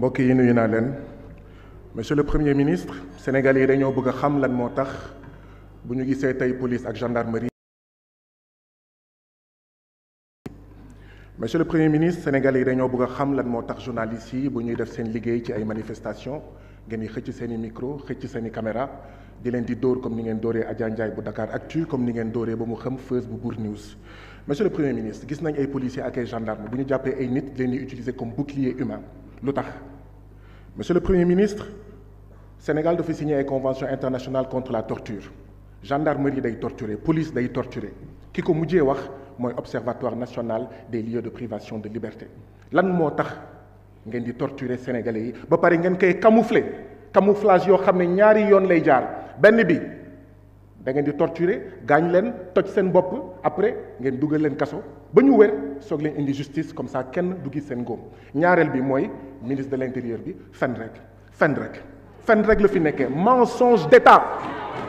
mbokk yi nuyu naa leen monsieur le premier ministre Sénégalais yi dañoo bëgg a xam lan moo tax bu ñu gisee tey police ak gendarmerie. monsieur le premier ministre Sénégalais yi dañoo bëgg a xam lan moo tax journalistes yi bu ñuy def seen liggéey ci ay manifestations ngeen di xëcc seen i micro xëcc seen i caméra di leen di dóor comme ni ngeen à Adja Ndiaye bu Dakar Actu comme ni ngeen dóoree ba mu xam feuse bu Bour News. monsieur le premier ministre gis nañ ay policiers ak ay gendarmes bu ñu jàppee ay nit leen di utiliser comme bouclier humain lu Monsieur le Premier ministre, Sénégal doit signer une convention internationale contre la torture gendarmerie day torturer police doit torturer Qui que observatoire national des lieux de privation de liberté lan moo tax di torturer sénégalais yi ba vous les camouflez. camouflage yoo xam ñaari da ngeen di torturer gaañ leen toj seen bopp après ngeen dugal leen kaso ba ñu wér soog leen indi justice comme ça kenn du gis seen góom ñaareel bi mooy ministre de l'intérieur bi fen rek fen rek fen rek la fi nekkee mensonge d'état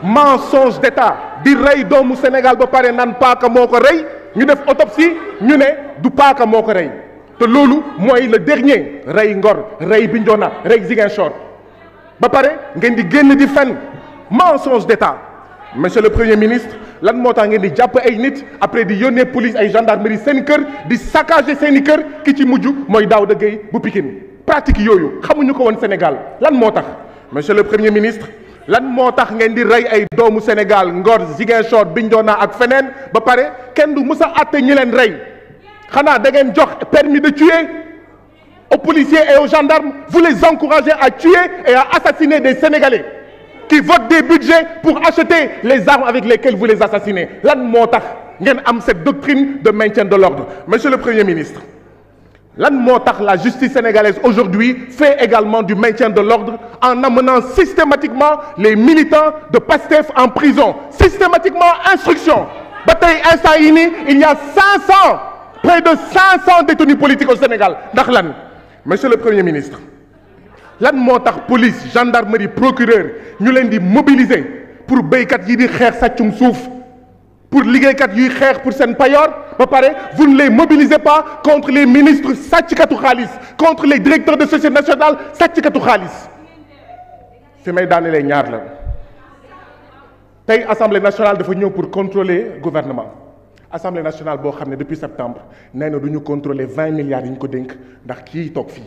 mensonge d'état di rey doomu Sénégal ba pare naan paaka moo ko rey ñu def autopsie ñu ne du paaka moo ko rey te loolu mooy le dernier rey Ngor rey Bignona rey Ziguinchor ba pare ngeen di génn di fen mensonge d'état monsieur le premier ministre lan moo ngeen di après di police ay gendarmerie seen des di saccager seen ki ci pratique yoyu xamuñu ko Sénégal lan monsieur le premier ministre lan motax ngeen di ray ay Sénégal Ngor biñ doona ak ba musa permis de tuer aux policiers et aux gendarmes vous les encouragez à tuer et à assassiner des Sénégalais qui votent des budgets pour acheter les armes avec lesquelles vous les assassinez lan moo tax cette doctrine de maintien de l'ordre monsieur le premier ministre la justice sénégalaise aujourd'hui fait également du maintien de l'ordre en amenant systématiquement les militants de PASTEF en prison systématiquement instruction Bataille il y a 500 près de 500 détenus politiques au Sénégal monsieur le premier ministre lan motax police gendarmerie procureur ñu leen di mobiliser pour béykat yi di xex sàccum souf pour liggéeykat yu xex pour sen payor ba paré vous ne les mobilisez pas contre les ministres société nationale, contre les directeurs de société nationale sàcckatu khalis fi may daanelee ñaar la tay assemblée nationale dafa ñëw pour contrôler gouvernement assemblée nationale bo xamné depuis septembre néna duñu contrôler 20 milliards yiñ ko denk ndax ki tok fi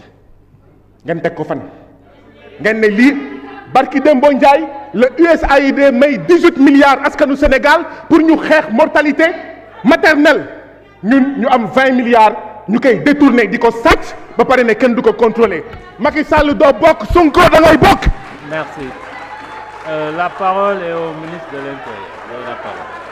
ngeen ko fan ngeen ne lii barki Dembo à le USAID may 18 milliards askanu Sénégal pour ñu faire mortalité maternelle Nous avons 20 milliards nous koy détourné di ko sàcc ba pare ne kenn du ko Macky Sall da ngay merci euh, la parole est au ministre de l'Intérieur.